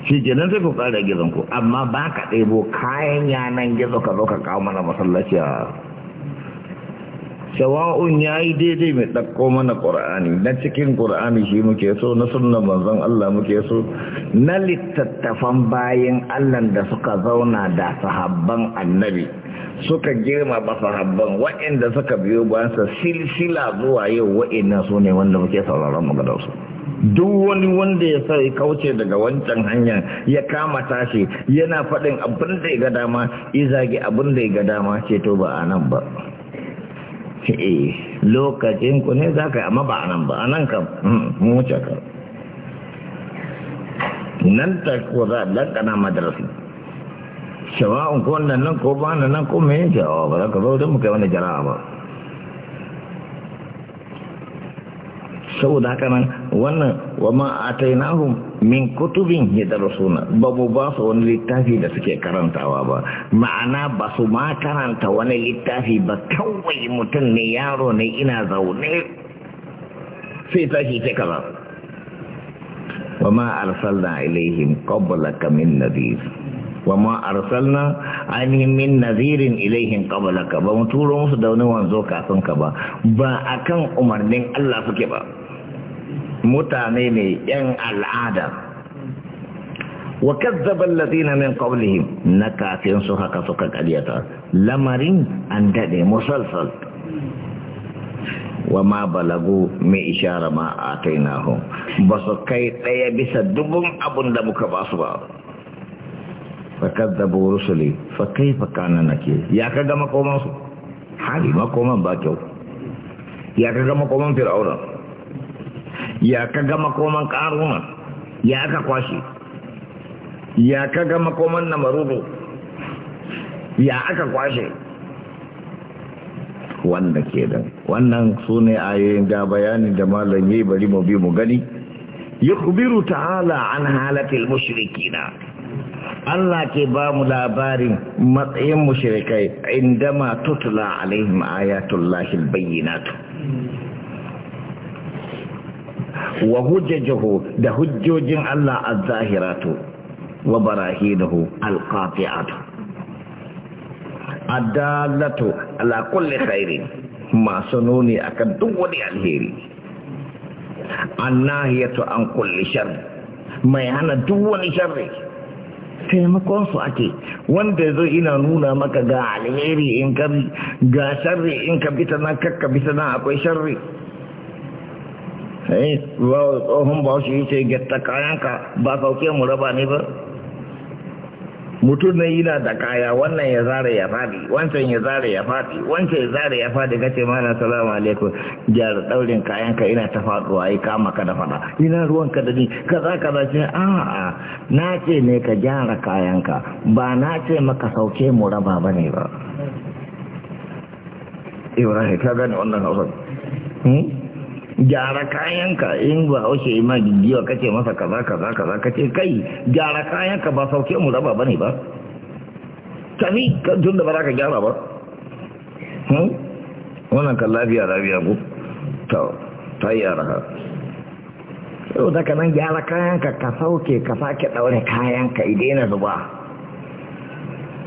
shi nan sai ku kare gizon ku amma ba ka ɗebo kayan yanan gizo ka zo ka kawo mana masallaci a shawa'un ya yi daidai mai ɗakko mana ƙura'ani na cikin ƙura'ani shi muke so na sunna manzon Allah muke so na littattafan bayan Allah da suka zauna da sahabban annabi suka girma ba sahabban waɗanda suka biyo bayansa silsila zuwa yau waɗannan su ne wanda muke sauraron maganar duk wani wanda ya sa ya kauce daga wancan hanyar ya kama tashi yana faɗin abin da ya ga dama izagi abin da ya ga dama ce to ba a nan ba E, lokacin ku ne za ka yi amma ba a nan ba a nan kam hmm, mu wuce ka nan ta ko za a lakana madarasi shawa'un ko wannan nan ko ba nan ko me yake awa ba za ka zo don mu kai wani jara'a ba saboda haka nan wannan wa ma a nahu min kutubin ya suna ba mu ba su wani littafi da suke karantawa ba ma'ana ba su ma karanta wani littafi ba kawai mutum ne yaro ne ina zaune sai tashi sai kaza wa ma arsalna ilaihim qablaka min nadir wa ma arsalna ainihin min nazirin ilaihin qablaka ba mu turo musu da wani wanzo kafin ka ba ba akan umarnin Allah suke ba mutane ne yan al'ada wa kazzaba alladhina min qablihim na kafin su haka suka karyata lamarin an dade musalsal wa ma balagu mai ishara ma atainahum ba su kai daya bisa dubun abun da muka basu ba fakazzabu rusuli fa na na ke. ya kaga makoman su hali makoman ba kyau ya ka gama makoman fir'auna ya ka gama makoman karuna ya ka kwashe. ya ka kaga makoman namarudu ya aka kwashe wanda ke da wannan su ne ayoyin ga bayani da malam bari mu bi mu gani yukhbiru ta'ala an halatil mushrikina Allah ke ba mu labarin matsayin mushrikai indama tutula alaihim ayatullahi albayyinat wa hujjajuhu da hujjojin Allah az-zahiratu wa barahinuhu al-qati'atu adallatu ala kulli khairin masu nuni akan duk wani alheri annahiyatu an kulli sharri mai hana duk wani sharri taimakon su ake wanda zai ina nuna maka ga alheri in ka ga sharri in ka bita na nan kakka bita akwai sharri sai eh, ba tsohon ba shi yace kayan kayanka ba sauke mu raba ne ba mutum na yana da kaya wannan ya zare ya faɗi wancan ya zare ya faɗi wancan ya zare ya faɗi ce mana salamu alaikum jar daurin kayan ka ina ta faɗuwa ai kama ka da faɗa ina ruwan ka da ni kaza kaza ce a a na ce ne ka gyara kayan ka ba na ce maka sauke mu raba bane ba Ibrahim ka gane wannan hausa hmm? gyara kayanka in ba wace ima gigiwa kace masa kaza kaza kaza kace kai gyara kayanka ba sauke mu raba bane ba tafi tun da ba za ka gyara ba hmm? wannan kan lafiya lafiya ko ta ta yi araha sau da ka nan gyara kayanka ka sauke ka sake daure kayanka idan zuba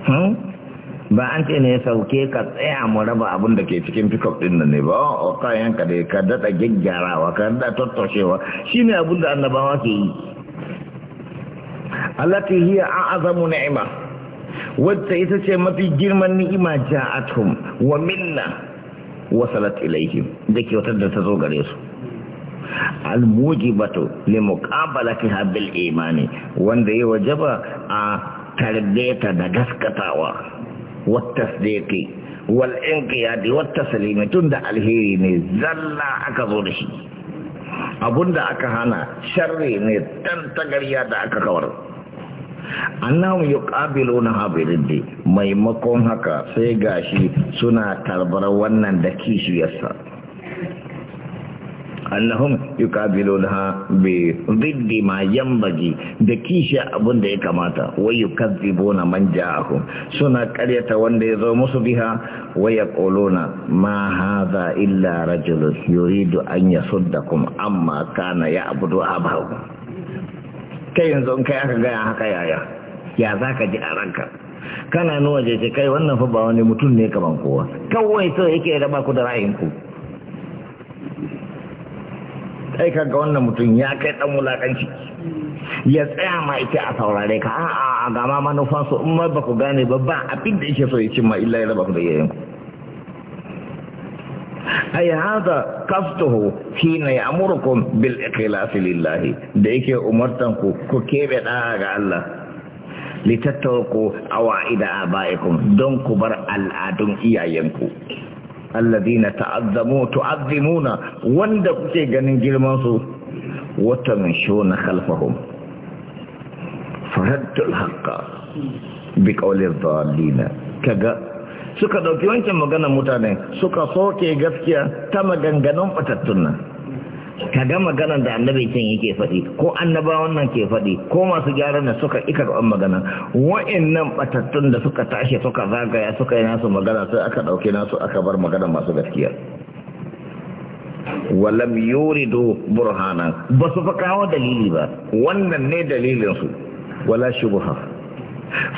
hmm ba an ce ne sauke ka tsaya mu raba abin da ke cikin pickup din nan ne ba o kayan ka da ka dada gyaggyarawa ka dada tattoshewa shine abin da annabawa ke yi allati hiya a'zamu ni'ma wacce ita ce mafi girman ni'ima ja'atuhum wa minna wasalat ilaihim da wata da ta zo gare su al-mujibatu li muqabalatiha bil imani wanda ya wajaba a tarbeta da gaskatawa والتصديق والانقياد والتسليم تند alheri ne زلا aka zo da shi Abun da aka hana sharri ne dan tagariya da aka kawar annahum yuqabiluna habiridi maimakon haka sai gashi suna tarbar wannan da kishiyarsa annahum yuqabilunha bi diddi ma yambagi da kishi abun da ya kamata wa yukadzibuna man ja'ahum suna karyata wanda ya zo musu biha wa yaquluna ma hadha illa rajulun yuridu an yasuddakum amma kana ya'budu abahu kai yanzu in kai aka gaya haka yaya ya zaka ji a ranka kana nuna jeje kai wannan fa ba wani mutum ne kaman kowa kawai so yake raba ku da ra'ayinku sai ka ga wannan mutum ya kai dan wulakanci ya tsaya ma ita a saurare ka a'a a ga ma manufan su in ma ba ku gane ba ba abin da yake so ya cimma illa ya raba ku da yayin ay hada qasduhu hina ya'murukum bil ikhlas lillah da yake umartan ku ku kebe da ga Allah litattaqu awaida abaikum don ku bar al'adun iyayenku alladina ta'azzamu tu'azzimuna wanda kuke ganin girman su wata min shona khalfahum fahaddul haqqa bi qawli adh-dhalina kaga suka dauki wancan magana mutane suka soke gaskiya ta maganganun fatattun nan ka ga maganar da annabi can yake faɗi ko annabawan nan ke faɗi ko masu gyaran da suka ika ga magana wa'annan batattun da suka tashi suka zagaya suka yi nasu magana sai aka ɗauke nasu aka bar magana masu gaskiya walam yuridu burhana ba su fa kawo dalili ba wannan ne dalilin su wala shubha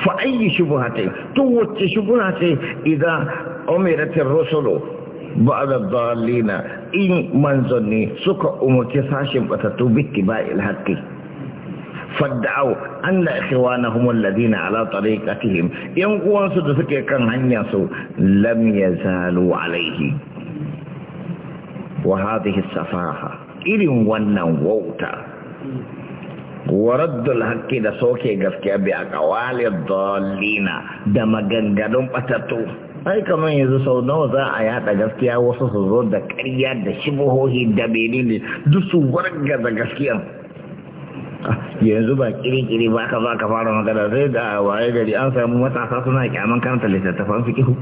fa ayi shubha ta to wacce shubha ce idan umiratir rusulu ba'da dhalina in manzanni suka umurci sashin batattu bitti ba'il haqqi fadda'aw anna ikhwanahum alladhina ala tariqatihim yan uwansu da suke kan hanyar su lam yazalu alayhi wa hadhihi safaha irin wannan wauta ورد الحق ده سوكي غسكي ابي اقوال الضالين da maganganun batatu. sai kamar yanzu sau nawa za a yada gaskiya wasu su zo da ƙarya da shibohohi da menene duk su warga da gaskiya yanzu ba kiri-kiri ba ka ba ka fara magana sai da waye gari an samu matasa suna kyaman karanta littattafan fikihu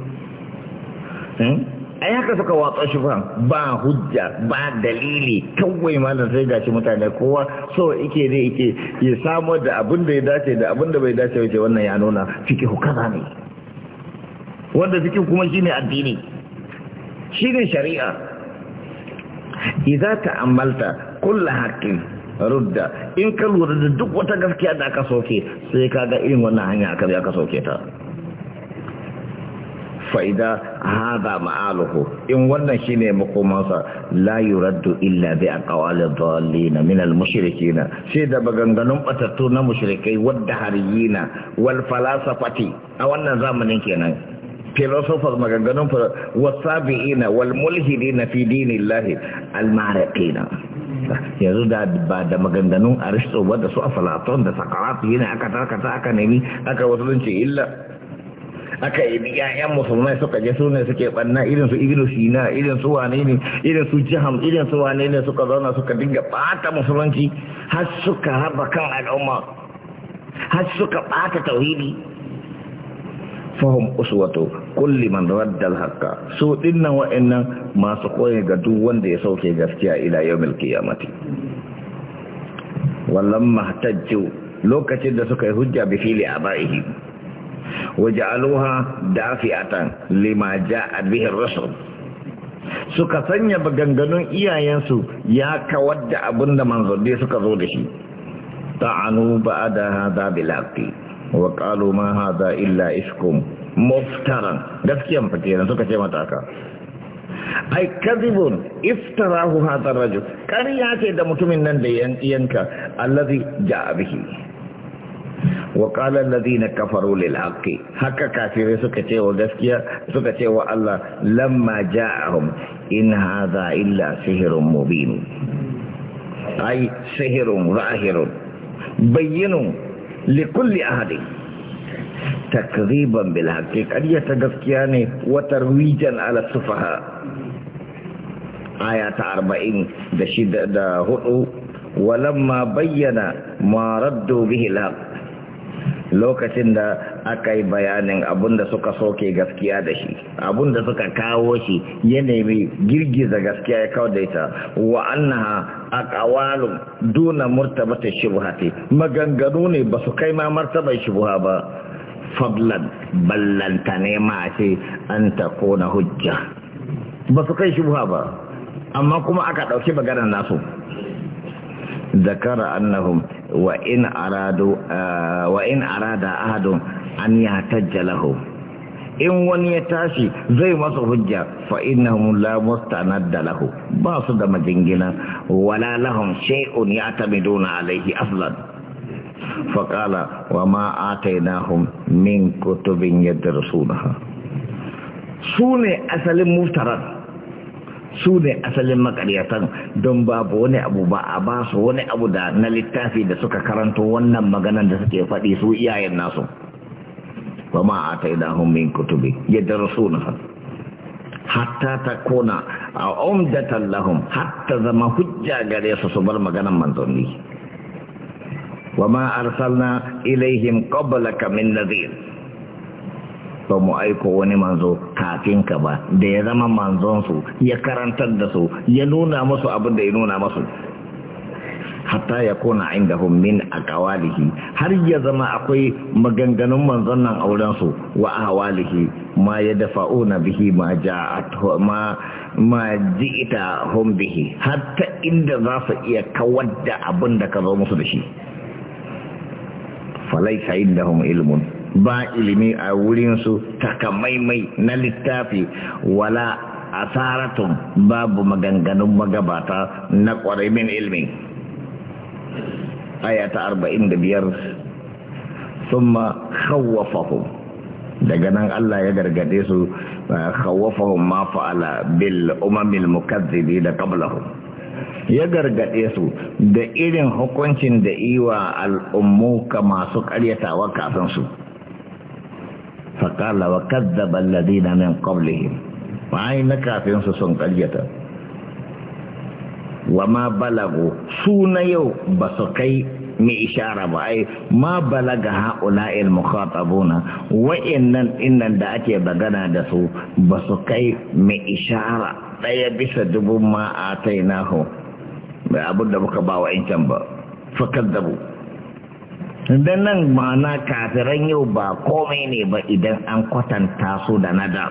hmm? ai yaka suka watsa shi ba ba hujja ba dalili kawai malam sai gashi mutane kowa so ike ne ike ya samu da abin da ya dace da abin da bai dace wace wannan ya nuna fikihu kaza ne wanda zikin kuma shine addini shine shari'a Iza ta amalta, kulla haƙƙin rudda in ka lura da duk wata gaskiya da aka soke sai ka ga irin wannan hanya aka aka soke ta fa'ida haɗa ma'aluhu in wannan shi ne makomansa la yuraddu illa bi a ƙawalin zuwalli na minal mashiriki na sai da maganganun batattu na mashirikai wadda na walfalasa fati a wannan zamanin kenan filosofar maganganun wasabi'ina wal mulhidina fi dinillahi al maraqina yanzu da ba da maganganun aristo ba da su aflaton da sakaratu yana aka tarkata aka nemi aka wasu sun ce illa aka yi yayan musulmai suka je sune suke banna irin su ibnu sina irin su wane ne irin su jiham irin su wane ne suka zauna suka dinga bata musulunci har suka raba kan al'umma har suka bata tauhidi fahim uswatu kulli man raddal haqqa su ɗinnan wa'annan masu koyi ga duk wanda ya sauke gaskiya ila yawmil qiyamati wallam mahtajju lokacin da suka yi hujja bi fili abaihi waj'aluha dafi'atan lima ja'a bihi ar-rusul suka sanya baganganun iyayensu ya kawar da abinda manzanni suka zo da shi ta'anu ba'ada hadha bilaqi wa qalu ma haza illa iskum muftaran gaskiyan fake suka ce mata haka ai kadhibun iftarahu hadha rajul Kariya ce da mutumin nan da yanka allazi ja'a bihi wa qala alladhina kafaru lil haqqi haka kafire suka ce wa gaskiya suka ce wa Allah lamma ja'ahum in hadha illa sihrun mubin ai sihrun zahirun bayyinun لكل أحد تكذيبا بالحقيقة أن يتدفكياني وترويجا على السفهاء آيات أربعين دشد هدو ولما بين ما ردوا به الحق lokacin da aka yi bayanin abinda suka soke gaskiya da shi abinda suka kawo shi ya nemi girgiza gaskiya ya kawo da ita wa annaha aqawalun duna murtabata shubhati maganganu ne ba su kai ma martabar shubha ba fablan ballanta ne ma ce an ta kona hujja ba su kai shubha ba amma kuma aka ɗauki maganar nasu ذكر أنهم wa in آه وإن أراد أحد أن يحتج لهم in wani ya tashi zai masa hujja fa innahum la mustanadda ba su da majingina wala lahum shay'un ya'tamiduna alayhi aslan fa wa ma min kutubin Su ne asalin muftarar su ne asalin makaryatan don babu wani abu ba a ba su wani abu da na littafi da suka karanto wannan maganan da suke faɗi su iyayen nasu ba ma a ta hun min kutubi yadda rasu na hatta ta kona a umdatan lahum hatta zama hujja gare su su bar maganan manzanni wa ma arsalna ilaihim qablaka min nadhir ba mu aiko wani manzo kafin ka ba da ya zama manzonsu ya karantar da su ya nuna musu abin da ya nuna musu hatta ya kona indahum min aqwalihi har ya zama akwai maganganun manzon nan a su wa ahwalihi ma ya yadfa'una bihi ma ja'at ma ma ita hum bihi hatta inda za su iya kawar da abin da ka zo musu da shi da indahum ilmun ba ilimi a wurinsu takamaimai na littafi wala asaratun babu maganganun magabata na ƙwarimin ilmi aya ta 45 summa khawwafahum daga nan Allah ya gargade su khawwafahum ma fa'ala bil umamil mukazzibi da qablahum ya gargade su da irin hukuncin da iwa al'ummu ka masu ƙaryatawa kafin su. فقال وكذب الذين من قبلهم وعين كافرين سسون تجيتا وما بلغوا سون يو بسكي مي إشارة بأي ما بلغ هؤلاء المخاطبون وإن إن دعتي بغنا دسو بسكي مي إشارة تيبس دبو ما آتيناه بأبو دبو كباو إن كان فكذبوا dan nan ma'ana kafiran yau ba komai ne ba idan an kwatanta su da nada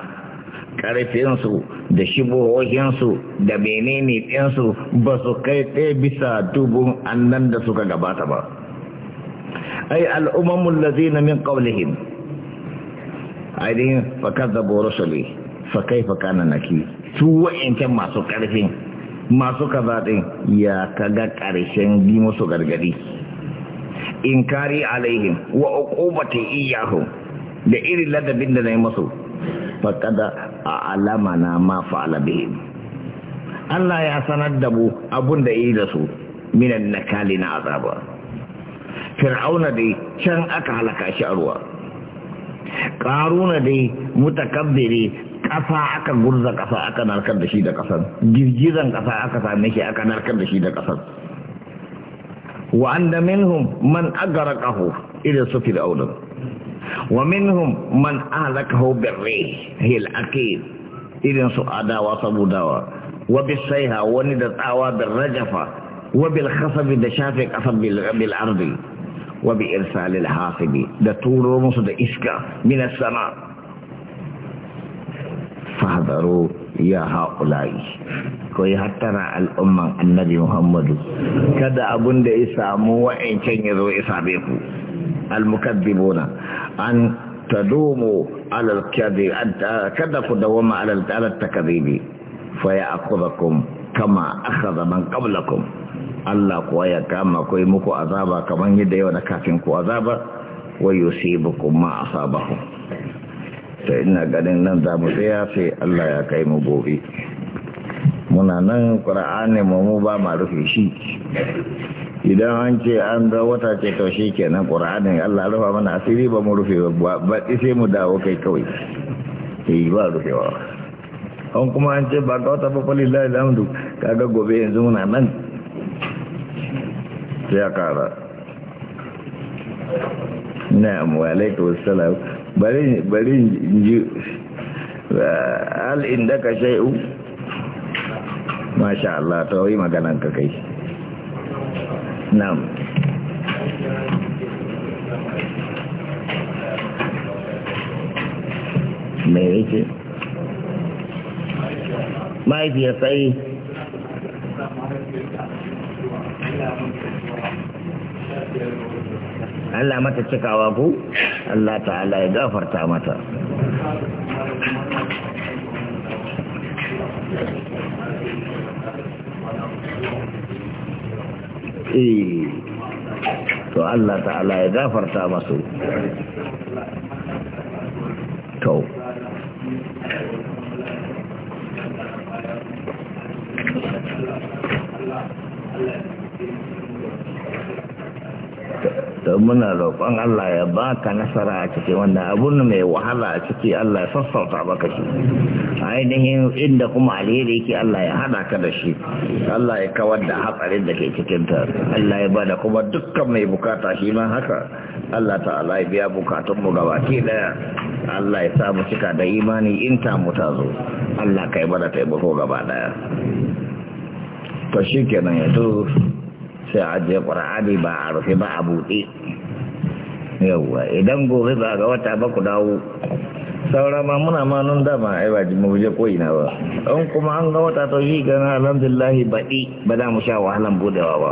ƙarfinsu da shibohohinsu da menene ɗinsu ba su kai ɗaya bisa dubun annan da suka gabata ba ai al'ummamun lazina min ƙaunihim ainihin fakar zabo fa fakai fakana naki su wa'incan masu ƙarfin masu kaza ya kaga ƙarshen bi musu gargadi inkari alaihim wa uqubati iyahu da irin ladabin da nayi musu alama na ma fa'ala bihim Allah ya sanar da mu abun da yi da su minan nakali na azaba fir'auna dai can aka halaka shi a ruwa karuna dai mutakabbiri ƙasa aka gurza ƙasa aka narkar da shi da kasar girgizan ƙasa aka same shi aka narkar da shi da kasar wa wa’anda minhum man agara kahu ila sufi da aunin wa minhum man ala kahu birri hil ake irin su adawa sabudawa wa bisaiha wani da tsawa bin rajafa wa bil khasabi da shafe kasar bil ardi wa bi irsalil hasibi da turo musu da iska minas sana'a fahdaro ya haƙulayi ko yi hattara al'umman annabi muhammadu kada abun da ya samu wa'ancan ya zo isa be ku al na, an tadumu alal kada ku dawama alal alal takdhibi fa ya'khudhukum kama akhadha man qablakum Allah kuwa ya kama ku muku azaba kamar yadda yau na kafin ku azaba wa yusibukum ma asabakum ta ina ganin nan za mu tsaya sai Allah ya kai mu gobe muna nan ƙura'ani mu ba ma rufe shi idan an ce an da wata ce to shi kenan ƙura'anin Allah rufa mana asiri ba mu rufe ba ba sai mu dawo kai kawai yi eh, ba rufewa an kuma an ce ba ga wata fafalin lalilamdu kaga gobe yanzu muna nan sai ya kara na amwalai to salam bari in ji al'in da ka shai'u masha Allah ta yi maganan ka kai na'am mai yake mahaifiyar sai Thank eh. you. Allah mata cikawa ku Allah ta'ala ya gafarta mata eh, to Allah ta'ala ya gafarta masu to Allah to muna roƙon Allah ya baka nasara a cikin wanda abun mai wahala a ciki Allah ya sassauta baka shi ainihin inda kuma alheri yake Allah ya hada ka da shi Allah ya kawar da hatsarin da ke cikin ta Allah ya bada kuma dukkan mai bukata shi ma haka Allah ta'ala ya biya bukatun mu gabaki daya Allah ya sa mu cika da imani in ta mu ta zo Allah kai bada taimako gaba daya to shikenan yanzu sai a ajiye ƙwararri ba a rufe ba a buɗe yawwa idan gobe ba ga wata ba ku dawo saura ma muna ma nan dama ai ba muje ko ina ba an kuma an ga wata to shi gana alhamdulillah baɗi ba za mu sha wahalan budewa ba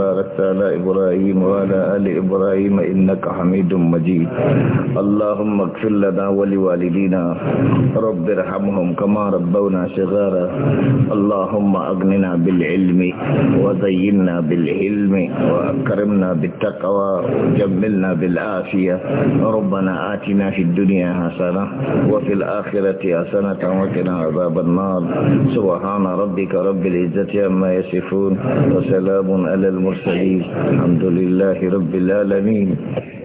باركت على إبراهيم وعلى آل إبراهيم إنك حميد مجيد اللهم اغفر لنا ولوالدينا رب ارحمهم كما ربونا صغارا اللهم أغننا بالعلم وزينا بالعلم وأكرمنا بالتقوى وجملنا بالعافية ربنا آتنا في الدنيا حسنة وفي الآخرة حسنة وقنا عذاب النار سبحان ربك رب العزة عما يصفون وسلام على المرسلين المرسلين الحمد لله رب العالمين